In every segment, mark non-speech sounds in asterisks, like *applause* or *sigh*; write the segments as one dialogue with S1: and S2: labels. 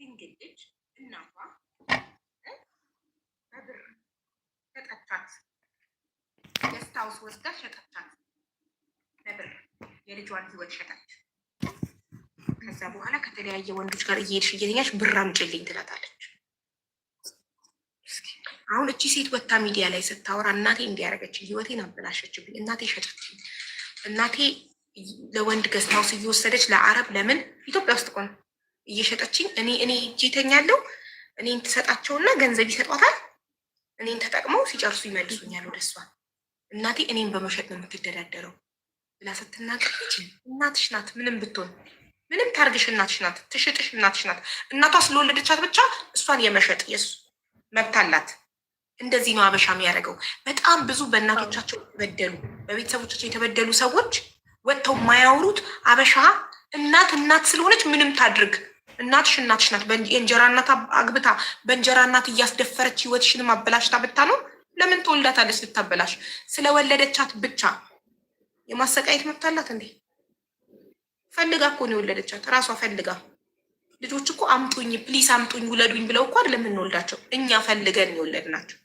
S1: ድንግል ልጅ እናቷ በብር ሸጠቻት። ገስት ወስዳ ሸጠቻት በብር የልጇን ህይወት ሸጠች። ከዛ በኋላ ከተለያየ ወንዶች ጋር እየሄድሽ እየተኛች ብር አምጪልኝ ትላታለች። አሁን እቺ ሴት ወታ ሚዲያ ላይ ስታወራ እናቴ እንዲያደረገች ህይወቴን አበላሸችብኝ፣ እናቴ ሸጠችኝ፣ እናቴ ለወንድ ገስት እየወሰደች ለአረብ ለምን ኢትዮጵያ ውስጥ ቆነ እየሸጠችኝ እኔ እኔ እጅ ይተኛለሁ። እኔን ትሰጣቸውና ገንዘብ ይሰጧታል። እኔን ተጠቅመው ሲጨርሱ ይመልሱኛል ወደ እሷ። እናቴ እኔን በመሸጥ ነው የምትደዳደረው ብላ ስትናገር እናትሽ ናት ምንም ብትሆን ምንም ታርግሽ እናትሽ ናት፣ ትሽጥሽ እናትሽ ናት። እናቷ ስለወለደቻት ብቻ እሷን የመሸጥ የሱ መብት አላት። እንደዚህ ነው አበሻ የሚያደርገው። በጣም ብዙ በእናቶቻቸው የተበደሉ በቤተሰቦቻቸው የተበደሉ ሰዎች ወጥተው የማያወሩት አበሻ እናት እናት ስለሆነች ምንም ታድርግ እናትሽ እናትሽ ናት። የእንጀራ እናት አግብታ በእንጀራ እናት እያስደፈረች ህይወትሽን ማበላሽታ ብታ ነው። ለምን ትወልዳታለች ልታበላሽ? ስለወለደቻት ብቻ የማሰቃየት መብት አላት እንዴ? ፈልጋ እኮ ነው የወለደቻት፣ ራሷ ፈልጋ። ልጆች እኮ አምጡኝ፣ ፕሊስ አምጡኝ፣ ውለዱኝ ብለው እኮ አይደለም የምንወልዳቸው። እኛ ፈልገን የወለድናቸው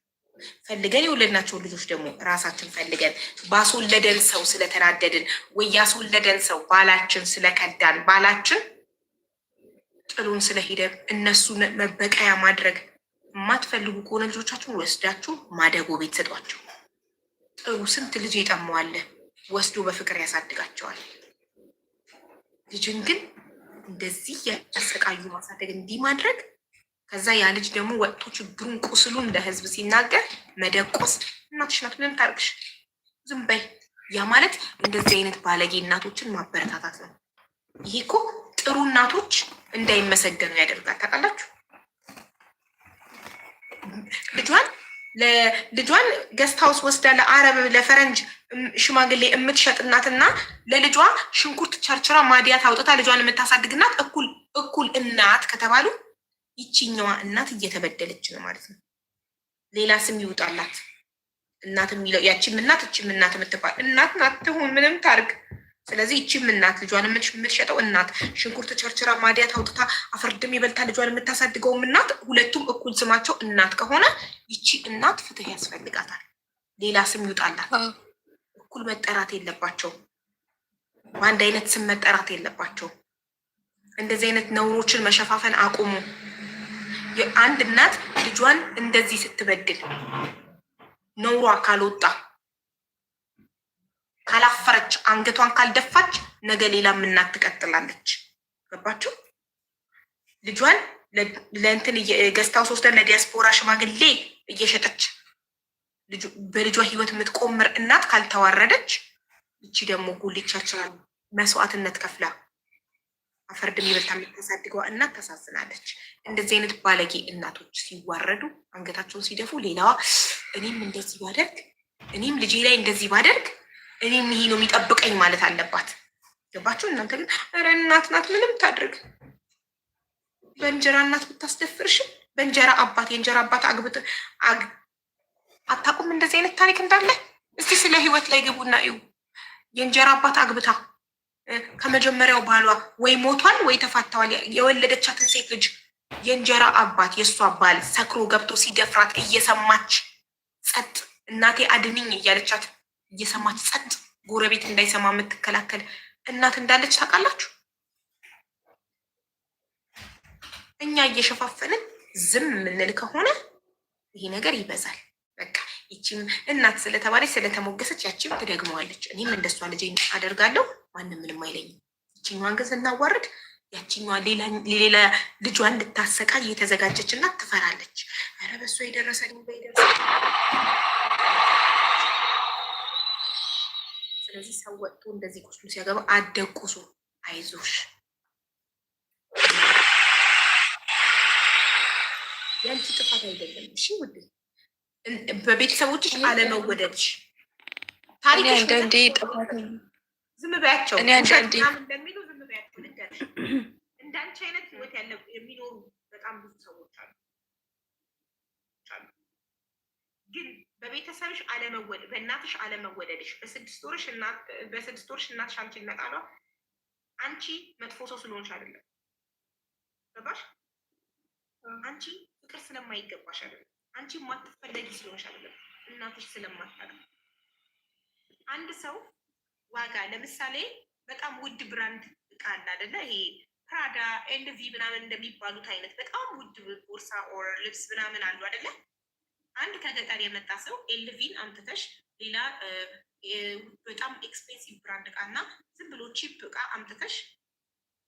S1: ፈልገን የወለድናቸው ልጆች ደግሞ ራሳችን ፈልገን ባስወለደን ሰው ስለተናደድን ወይ ያስወለደን ሰው ባላችን ስለከዳን ባላችን ጥሎን ስለሄደ እነሱ መበቀያ ማድረግ የማትፈልጉ ከሆነ ልጆቻችሁን ወስዳችሁ ማደጎ ቤት ሰጧቸው። ጥሩ ስንት ልጅ የጠመዋለ ወስዶ በፍቅር ያሳድጋቸዋል። ልጅን ግን እንደዚህ ያሰቃዩ ማሳደግ እንዲህ ማድረግ ከዛ ያ ልጅ ደግሞ ወጥቶ ችግሩን ቁስሉን ለህዝብ ሲናገር መደቆስ እናትሽ ናት ታርቅሽ ዝም በይ። ያ ማለት እንደዚህ አይነት ባለጌ እናቶችን ማበረታታት ነው። ይሄ እኮ ጥሩ እናቶች እንዳይመሰገኑ ያደርጋል። ታውቃላችሁ ልጇን ልጇን ገስት ሀውስ ወስዳ ለአረብ ለፈረንጅ ሽማግሌ የምትሸጥ እናትና ለልጇ ሽንኩርት ቸርችራ ማዲያት አውጥታ ልጇን የምታሳድግ እናት እኩል እኩል እናት ከተባሉ ይችኛዋ እናት እየተበደለች ነው ማለት ነው። ሌላ ስም ይውጣላት እናት የሚለው እናት እችም እናት የምትባል እናት ናት ትሁን ምንም ታርግ ስለዚህ ይቺም እናት ልጇን የምትሸጠው እናት ሽንኩርት ቸርችራ ማዲያት አውጥታ አፈርድም ይበልታ ልጇን የምታሳድገውም እናት ሁለቱም እኩል ስማቸው እናት ከሆነ ይቺ እናት ፍትህ ያስፈልጋታል። ሌላ ስም ይውጣላት። እኩል መጠራት የለባቸው። በአንድ አይነት ስም መጠራት የለባቸው። እንደዚህ አይነት ነውሮችን መሸፋፈን አቁሙ። አንድ እናት ልጇን እንደዚህ ስትበድል ነውሯ ካልወጣ ካልደፋች አንገቷን ካልደፋች ነገ ሌላ ምናት ትቀጥላለች። ገባችሁ? ልጇን ለእንትን ገዝታ ወስደን ለዲያስፖራ ሽማግሌ እየሸጠች በልጇ ህይወት የምትቆምር እናት ካልተዋረደች፣ እቺ ደግሞ ጉልቻችላል መስዋዕትነት ከፍላ አፈርድ የሚበልታ የምታሳድገዋ እናት ታሳዝናለች። እንደዚህ አይነት ባለጌ እናቶች ሲዋረዱ አንገታቸውን ሲደፉ ሌላዋ እኔም እንደዚህ ባደርግ እኔም ልጄ ላይ እንደዚህ ባደርግ እኔም ይሄ ነው የሚጠብቀኝ ማለት አለባት። ገባችሁ? እናንተ ግን ኧረ እናት ናት ምንም ታድርግ። በእንጀራ እናት ብታስደፍርሽ በእንጀራ አባት የእንጀራ አባት አግብት አታውቁም። እንደዚህ አይነት ታሪክ እንዳለ እስቲ ስለ ህይወት ላይ ግቡና እዩ። የእንጀራ አባት አግብታ ከመጀመሪያው ባሏ ወይ ሞቷል ወይ ተፋተዋል። የወለደቻትን ሴት ልጅ የእንጀራ አባት የእሷ ባል ሰክሮ ገብቶ ሲደፍራት እየሰማች ጸጥ እናቴ አድንኝ እያለቻት እየሰማች ጸጥ፣ ጎረቤት እንዳይሰማ የምትከላከል እናት እንዳለች ታውቃላችሁ። እኛ እየሸፋፈንን ዝም የምንል ከሆነ ይሄ ነገር ይበዛል። በቃ ይቺም እናት ስለተባለች ስለተሞገሰች ያቺም ትደግመዋለች። እኔም እንደሷ ልጅ አደርጋለሁ፣ ማንም ምንም አይለኝም። ይችኛዋን ግን ስናዋርድ ያችኛዋ ሌላ ልጇ እንድታሰቃ የተዘጋጀች እና ትፈራለች። ኧረ በሷ የደረሰ በይደርሰ ስለዚህ ሰው ወጥቶ እንደዚህ ቁስሉ ሲያገባ አደቁሱ፣ አይዞሽ ያንቺ ጥፋት አይደለም። እሺ ውድ በቤተሰቦች አለመወደድሽ ታሪክ ዝም በያቸው እንደሚሉ ዝም በያቸው። እንዳንቺ አይነት ህይወት ያለ የሚኖሩ በጣም ብዙ ሰዎች አሉ ግን በቤተሰብሽ አለመወደድ፣ በእናትሽ አለመወደድሽ፣ በስድስት ወርሽ እናትሽ አንቺ መጣሏ አንቺ መጥፎ ሰው ስለሆንሽ አይደለም። ገባሽ? አንቺ ፍቅር ስለማይገባሽ አይደለም። አንቺ ማትፈለጊ ስለሆንሽ አይደለም። እናትሽ ስለማታቅ አንድ ሰው ዋጋ ለምሳሌ በጣም ውድ ብራንድ እቃ አለ አይደለ? ይሄ ፕራዳ ኤንድቪ ምናምን እንደሚባሉት አይነት በጣም ውድ ቦርሳ ኦር ልብስ ምናምን አሉ አይደለም። አንድ ከገጠር የመጣ ሰው ኤልቪን አምጥተሽ ሌላ በጣም ኤክስፔንሲቭ ብራንድ እቃ እና ዝም ብሎ ቺፕ እቃ አምጥተሽ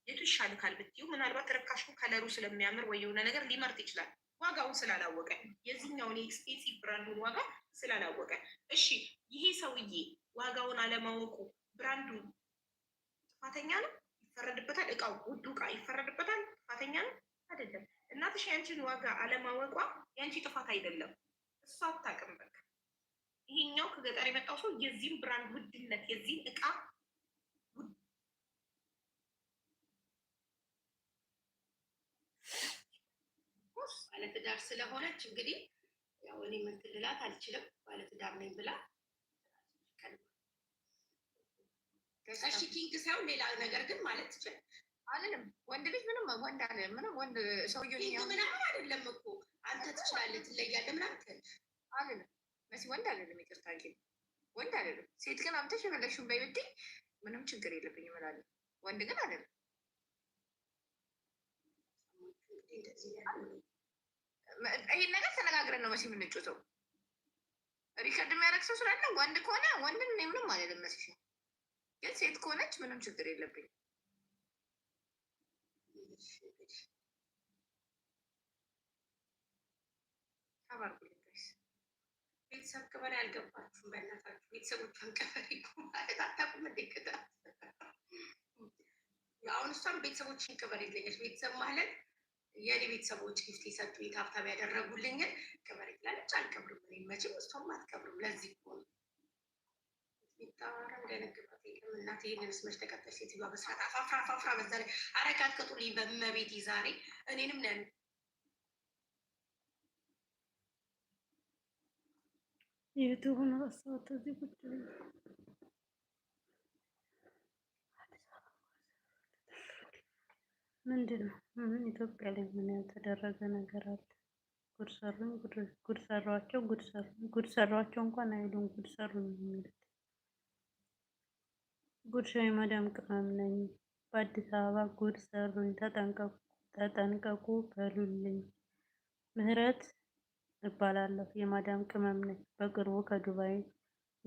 S1: የቱ ይሻልካል ብትዩ ምናልባት ርካሹ ከለሩ ስለሚያምር ወይ የሆነ ነገር ሊመርጥ ይችላል። ዋጋውን ስላላወቀ የዚህኛውን የኤክስፔንሲቭ ብራንዱን ዋጋ ስላላወቀ፣ እሺ ይሄ ሰውዬ ዋጋውን አለማወቁ ብራንዱ ጥፋተኛ ነው ይፈረድበታል። እቃው ውዱ እቃ ይፈረድበታል። ጥፋተኛ ነው አይደለም። እናትሽ ያንቺን ዋጋ አለማወቋ ያንቺ ጥፋት አይደለም። እሷ አታውቅም። በቃ ይሄኛው ከገጠር የመጣው ሰው የዚህም ብራንድ ውድነት የዚህም እቃ ባለትዳር ስለሆነች እንግዲህ ያው እኔ ምን አልችልም። ባለትዳር ነኝ ብላ እሺ ኪንግ ሳይሆን ሌላ ነገር ግን ማለት ትችላለህ። አለንም ወንድ ልጅ ምንም ወንድ አለ ምንም ወንድ ሰውዬ ምናምን አይደለም እኮ አንተ ትችላለህ ትለያለህ ምናምን ትላለች። አይደለም መሲ ወንድ አይደለም፣ ይቅርታ ግን ወንድ አይደለም። ሴት ግን አምተሽ የፈለግሽውን በይ ብትይ ምንም ችግር የለብኝም እላለሁ። ወንድ ግን አይደለም። ይህን ነገር ተነጋግረን ነው መሲ የምንጮተው። ሪከርድ የሚያደርግ ሰው ስላለ ወንድ ከሆነ ወንድን እኔ ምንም አይደለም። መሲ ግን ሴት ከሆነች ምንም ችግር የለብኝ። እንክብካቤ አድርጉልኝ ቤተሰብ ቅበላ ያልገባችሁም በእናታችሁ ቤተሰቦቿን ቀበሪ ማለት አታውቁም። እንዴት አሁን እሷም ቤተሰቦችን ቅበር ይለኛል። ቤተሰብ ማለት የኔ ቤተሰቦች ጊፍት የሰጡ የታብታብ ያደረጉልኝን ቅበር ይላለች። አልቀብርም እኔ መቼም እሷም አትቀብርም። ለዚህ ሆኑ ነው የሚታወራው እንደነገባት የለም። እናቴ ይህንን ስመች ተቀጠች ሴትዮዋ በስርዓት አፋፍራ አፋፍራ በዛ ላይ አረጋት ቅጡልኝ በመቤት ዛሬ እኔንም ነን የቤቱን ረሳሁት። እዚህ ቁጭ ብዬ ምንድን ነው ምን ኢትዮጵያ ላይ ምን ያልተደረገ ነገር አለ? ጉድ ሰሩኝ፣ ጉድ ሰሯቸው፣ ጉድ ሰሯቸው እንኳን አይሉም፣ ጉድ ሰሩ ነው የሚሉት። ጉድ ሻይ ማዳም ቅመም ነኝ። በአዲስ አበባ ጉድ ሰሩኝ፣ ተጠንቀቁ በሉልኝ ምህረት እባላለሁ የማዳም ቅመም ነኝ። በቅርቡ ከዱባይ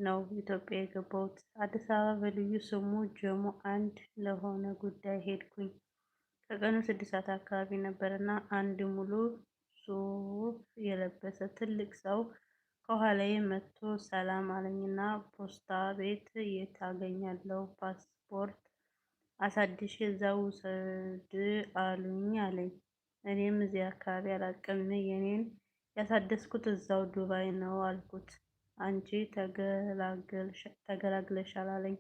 S1: ነው ኢትዮጵያ የገባሁት። አዲስ አበባ በልዩ ስሙ ጀሞ አንድ ለሆነ ጉዳይ ሄድኩኝ። ከቀኑ ስድስት ሰዓት አካባቢ ነበር እና አንድ ሙሉ ሱፍ የለበሰ ትልቅ ሰው ከኋላዬ መጥቶ ሰላም አለኝና ፖስታ ቤት የት አገኛለሁ ፓስፖርት አሳድሼ እዛ ውሰድ አሉኝ አለኝ። እኔም እዚህ አካባቢ አላቅም የኔን ያሳደስኩት እዛው ዱባይ ነው አልኩት። አንቺ ተገላግለሻል አለኝ።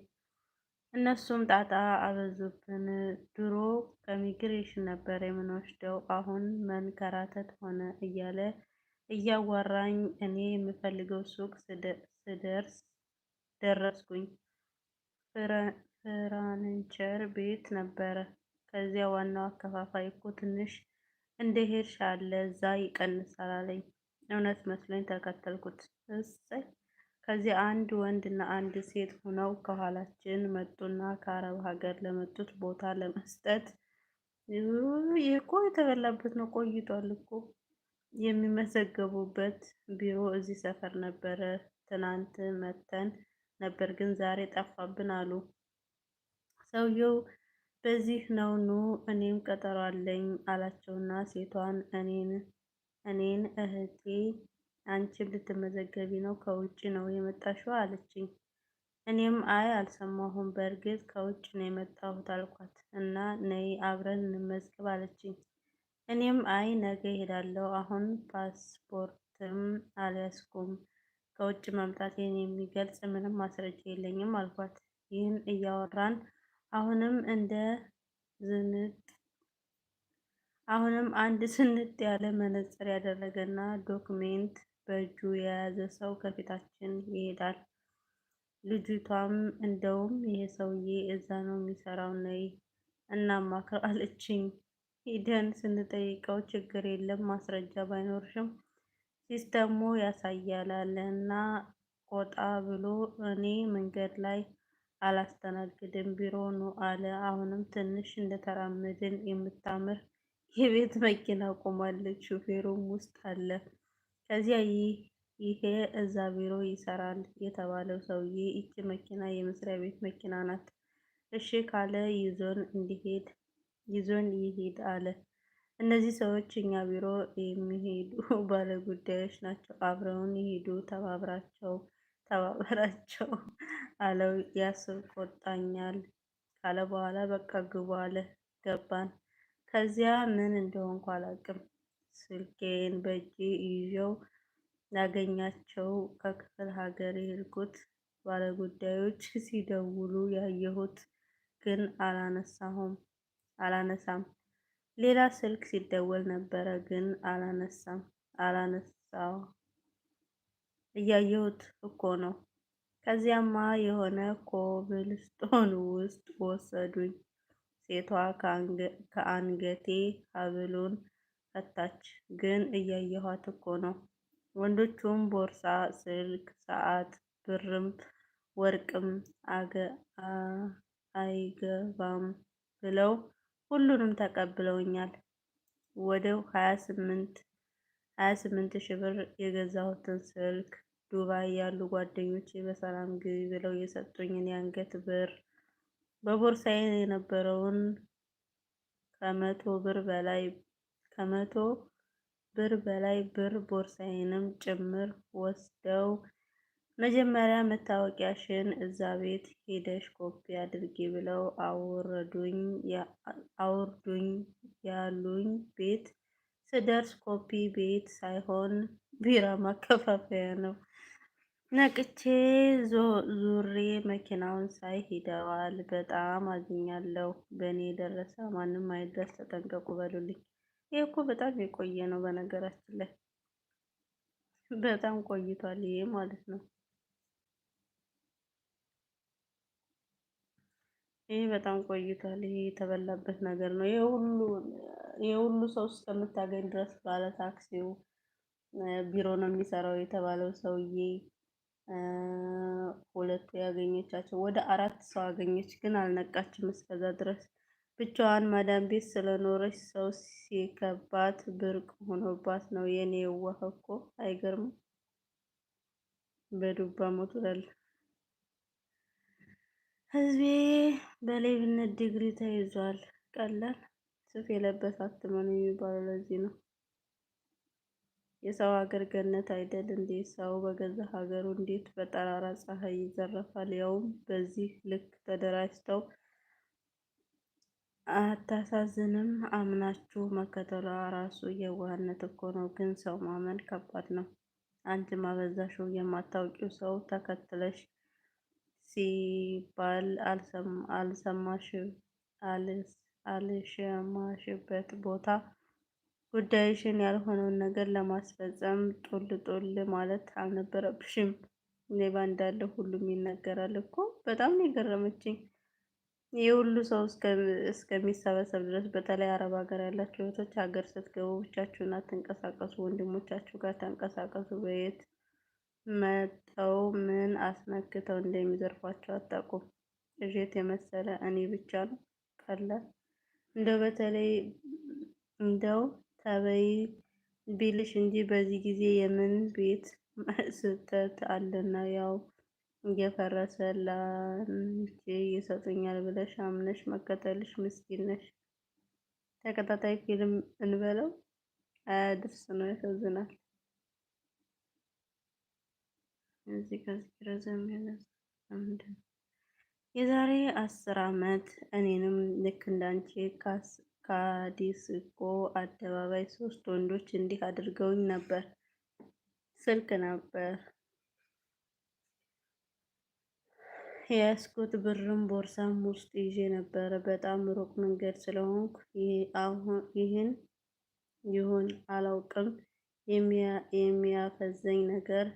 S1: እነሱም ጣጣ አበዙብን። ድሮ ከሚግሬሽን ነበር የምንወስደው፣ አሁን መንከራተት ሆነ እያለ እያዋራኝ እኔ የምፈልገው ሱቅ ስደርስ ደረስኩኝ። ፍራንቸር ቤት ነበረ። ከዚያ ዋናው አከፋፋይ እኮ ትንሽ እንደ ሄድሽ አለ እዛ ይቀንሳል አለኝ። እውነት መስሎኝ ተከተልኩት። እሰይ ከዚህ አንድ ወንድና አንድ ሴት ሆነው ከኋላችን መጡና ከአረብ ሀገር ለመጡት ቦታ ለመስጠት ይህ እኮ የተበላበት ነው። ቆይቷል እኮ የሚመዘገቡበት ቢሮ እዚህ ሰፈር ነበረ። ትናንት መተን ነበር ግን ዛሬ ጠፋብን አሉ ሰውየው በዚህ ነው ኑ እኔም ቀጠሮ አለኝ አላቸውና ሴቷን እኔን እህቴ አንቺም ልትመዘገቢ ነው ከውጭ ነው የመጣሽው አለችኝ። እኔም አይ አልሰማሁም፣ በእርግጥ ከውጭ ነው የመጣሁት አልኳት እና ነይ አብረን እንመዝገብ አለችኝ። እኔም አይ ነገ እሄዳለሁ፣ አሁን ፓስፖርትም አልያዝኩም፣ ከውጭ መምጣቴን የሚገልጽ ምንም ማስረጃ የለኝም አልኳት። ይህን እያወራን አሁንም እንደ ዝንጥ አሁንም አንድ ስንጥ ያለ መነጽር ያደረገና ዶክሜንት በእጁ የያዘ ሰው ከፊታችን ይሄዳል። ልጅቷም እንደውም ይሄ ሰውዬ እዛ ነው የሚሰራው፣ ነይ እናማክር አለችኝ። ሂደን ስንጠይቀው ችግር የለም ማስረጃ ባይኖርሽም ሲስተሙ ያሳያል እና ቆጣ ብሎ እኔ መንገድ ላይ አላስተናግድም ቢሮ ነው አለ። አሁንም ትንሽ እንደተራመድን የምታምር የቤት መኪና ቆማለች፣ ሹፌሩም ውስጥ አለ። ከዚያ ይሄ እዛ ቢሮ ይሰራል የተባለው ሰውዬ ይቺ መኪና የመስሪያ ቤት መኪና ናት፣ እሺ ካለ ይዞን እንዲሄድ ይዞን ይሄድ አለ። እነዚህ ሰዎች እኛ ቢሮ የሚሄዱ ባለጉዳዮች ናቸው። አብረውን ይሄዱ ተባብራቸው ተባበራቸው *laughs* አለው። ያስቆጣኛል ካለ በኋላ በቃ ግቡ አለ። ገባን። ከዚያ ምን እንደሆንኩ አላውቅም። ስልኬን በእጄ ይዤው ያገኛቸው ከክፍል ሀገር የሄድኩት ባለጉዳዮች ሲደውሉ ያየሁት ግን አላነሳሁም አላነሳም። ሌላ ስልክ ሲደወል ነበረ ግን አላነሳም አላነሳው እያየሁት እኮ ነው። ከዚያማ የሆነ ኮብል ስቶን ውስጥ ወሰዱኝ። ሴቷ ከአንገቴ ሀብሉን ፈታች። ግን እያየኋት እኮ ነው። ወንዶቹም ቦርሳ፣ ስልክ፣ ሰዓት፣ ብርም ወርቅም አይገባም ብለው ሁሉንም ተቀብለውኛል። ወደ ሀያ ስምንት ሀያ ስምንት ሺህ ብር የገዛሁትን ስልክ ዱባይ ያሉ ጓደኞቼ በሰላም ግቢ ብለው የሰጡኝን የአንገት ብር በቦርሳዬ የነበረውን ከመቶ ብር በላይ ከመቶ ብር በላይ ብር ቦርሳዬንም ጭምር ወስደው መጀመሪያ መታወቂያሽን እዛ ቤት ሄደሽ ኮፒ አድርጊ ብለው አውርዱኝ አውርዱኝ ያሉኝ ቤት ስደርስ ኮፒ ቤት ሳይሆን ቢራ ማከፋፈያ ነው። ነቅቼ ዙሬ መኪናውን ሳይ ሂደዋል። በጣም አዝኛለሁ። በእኔ የደረሰ ማንም አይደርስ፣ ተጠንቀቁ በሉልኝ። ይህ እኮ በጣም የቆየ ነው። በነገራችን ላይ በጣም ቆይቷል ይሄ ማለት ነው። ይህ በጣም ቆይቷል። ይሄ የተበላበት ነገር ነው። ይህ ሁሉ የሁሉ ሰው እስከምታገኝ ድረስ ባለ ታክሲው ቢሮ ነው የሚሰራው የተባለው ሰውዬ ሁለቱ ያገኘቻቸው ወደ አራት ሰው አገኘች፣ ግን አልነቃችም። እስከዛ ድረስ ብቻዋን ማዳም ቤት ስለኖረች ሰው ሲከባት ብርቅ ሆኖባት ነው። የኔ የዋህ እኮ አይገርምም። በዱባ ሞት ላለ ህዝቤ በሌብነት ዲግሪ ተይዟል። ቀላል ሱፍ የለበሰ አትሞ የሚባለው። ለዚህ ነው የሰው ሀገር ገነት አይደል እንዴ? ሰው በገዛ ሀገሩ እንዴት በጠራራ ፀሐይ ይዘረፋል? ያውም በዚህ ልክ ተደራጅተው። አታሳዝንም? አምናችሁ መከተሏ ራሱ የዋህነት እኮ ነው። ግን ሰው ማመን ከባድ ነው። አንቺ ማበዛሽው የማታውቂው ሰው ተከትለሽ ሲባል አልሰማሽም አልስ አልሸማሽበት ቦታ ጉዳይሽን ያልሆነውን ነገር ለማስፈጸም ጦል ጦል ማለት አልነበረብሽም። ሌባ እንዳለ ሁሉም ይነገራል እኮ። በጣም ነው የገረመችኝ። ይህ ሁሉ ሰው እስከሚሰበሰብ ድረስ በተለይ አረብ ሀገር ያላቸው እህቶች ሀገር ስትገቡ ብቻችሁን አትንቀሳቀሱ፣ ወንድሞቻችሁ ጋር ተንቀሳቀሱ። በየት መጠው ምን አስመክተው እንደሚዘርፏቸው አታውቁም። እዥት የመሰለ እኔ ብቻ ነው ቀላል እንደው በተለይ እንደው ተበይ ቢልሽ እንጂ በዚህ ጊዜ የምን ቤት ስህተት አለና ያው እየፈረሰ ላንቺ ይሰጡኛል ብለሽ አምነሽ መከተልሽ ምስኪን ነሽ። ተከታታይ ፊልም እንበለው አያድርስ ነው። ያሳዝናል። እዚህ ከዚህ ረዘም ያለ የዛሬ አስር ዓመት እኔንም ልክ እንዳንቺ ካዲስኮ አደባባይ ሶስት ወንዶች እንዲህ አድርገውኝ ነበር። ስልክ ነበር የያዝኩት፣ ብርም ቦርሳም ውስጥ ይዤ ነበረ። በጣም ሩቅ መንገድ ስለሆንኩ ይህን ይሁን አላውቅም፣ የሚያፈዘኝ ነገር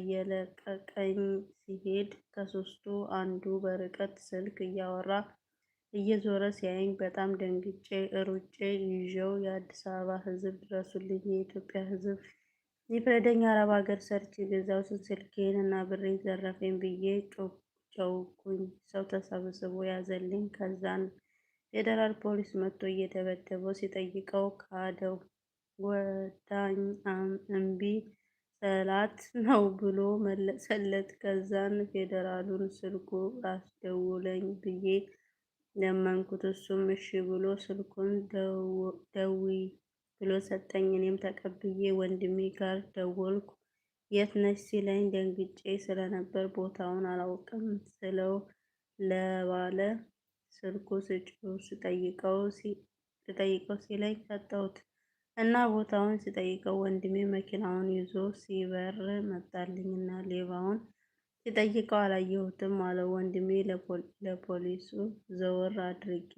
S1: እየለቀቀኝ ሲሄድ ከሶስቱ አንዱ በርቀት ስልክ እያወራ እየዞረ ሲያየኝ በጣም ደንግጬ ሩጬ ይዤው የአዲስ አበባ ሕዝብ ድረሱልኝ፣ የኢትዮጵያ ሕዝብ የፍረደኛ አረብ ሀገር ሰርች የገዛው ስልኬን እና ብሬን ዘረፈኝ ብዬ ጮኩኝ። ሰው ተሰብስቦ ያዘልኝ። ከዛን ፌዴራል ፖሊስ መጥቶ እየደበደበው ሲጠይቀው ካደው ወዳኝ እምቢ ጠላት ነው ብሎ መለሰለት። ከዛን ፌዴራሉን ስልኩ አስደውለኝ ብዬ ለመንኩት። እሱም እሺ ብሎ ስልኩን ደዊ ብሎ ሰጠኝ። እኔም ተቀብዬ ወንድሜ ጋር ደወልኩ። የት ነች ሲለኝ ደንግጬ ስለነበር ቦታውን አላውቅም ስለው ለባለ ስልኩ ስጭ ስጠይቀው ሲለኝ ሰጠሁት። እና ቦታውን ሲጠይቀው ወንድሜ መኪናውን ይዞ ሲበር መጣልኝና ሌባውን ሲጠይቀው አላየሁትም አለው። ወንድሜ ለፖሊሱ ዘወር አድርጌ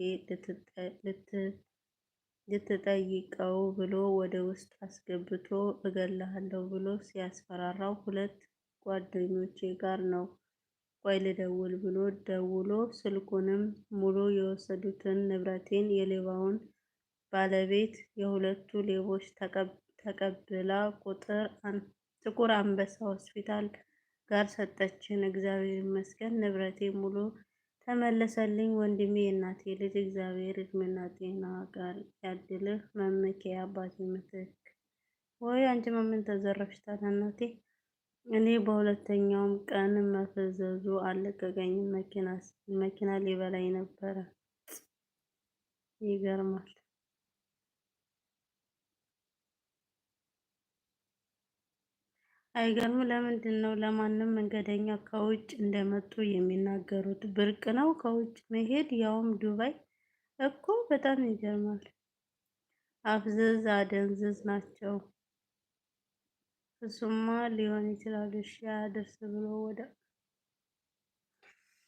S1: ልትጠይቀው ብሎ ወደ ውስጥ አስገብቶ እገላሃለሁ ብሎ ሲያስፈራራው ሁለት ጓደኞቼ ጋር ነው ቆይ ልደውል ብሎ ደውሎ ስልኩንም ሙሉ የወሰዱትን ንብረቴን የሌባውን ባለቤት የሁለቱ ሌቦች ተቀብላ ጥቁር አንበሳ ሆስፒታል ጋር ሰጠችን። እግዚአብሔር ይመስገን ንብረቴ ሙሉ ተመለሰልኝ። ወንድሜ የእናቴ ልጅ እግዚአብሔር እድሜና ጤና ጋር ያድልህ። መምኬ አባቴ ምትክ ወይ አንቺ መምን ተዘረፍሽታል እናቴ። እኔ በሁለተኛውም ቀን መፈዘዙ አለቀቀኝ። መኪና ሊበላኝ ነበረ። ይገርማል። አይገርም! ለምንድን ነው ለማንም መንገደኛ ከውጭ እንደመጡ የሚናገሩት? ብርቅ ነው ከውጭ መሄድ ያውም ዱባይ እኮ በጣም ይገርማል። አፍዘዝ አደንዝዝ ናቸው። እሱማ ሊሆን ይችላል። እሺ አደርስ ብሎ ወደ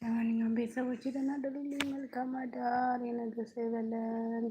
S1: ለማንኛውም ቤተሰቦች የተናደሉልኝ መልካም አዳር የነገሰ ይበለን።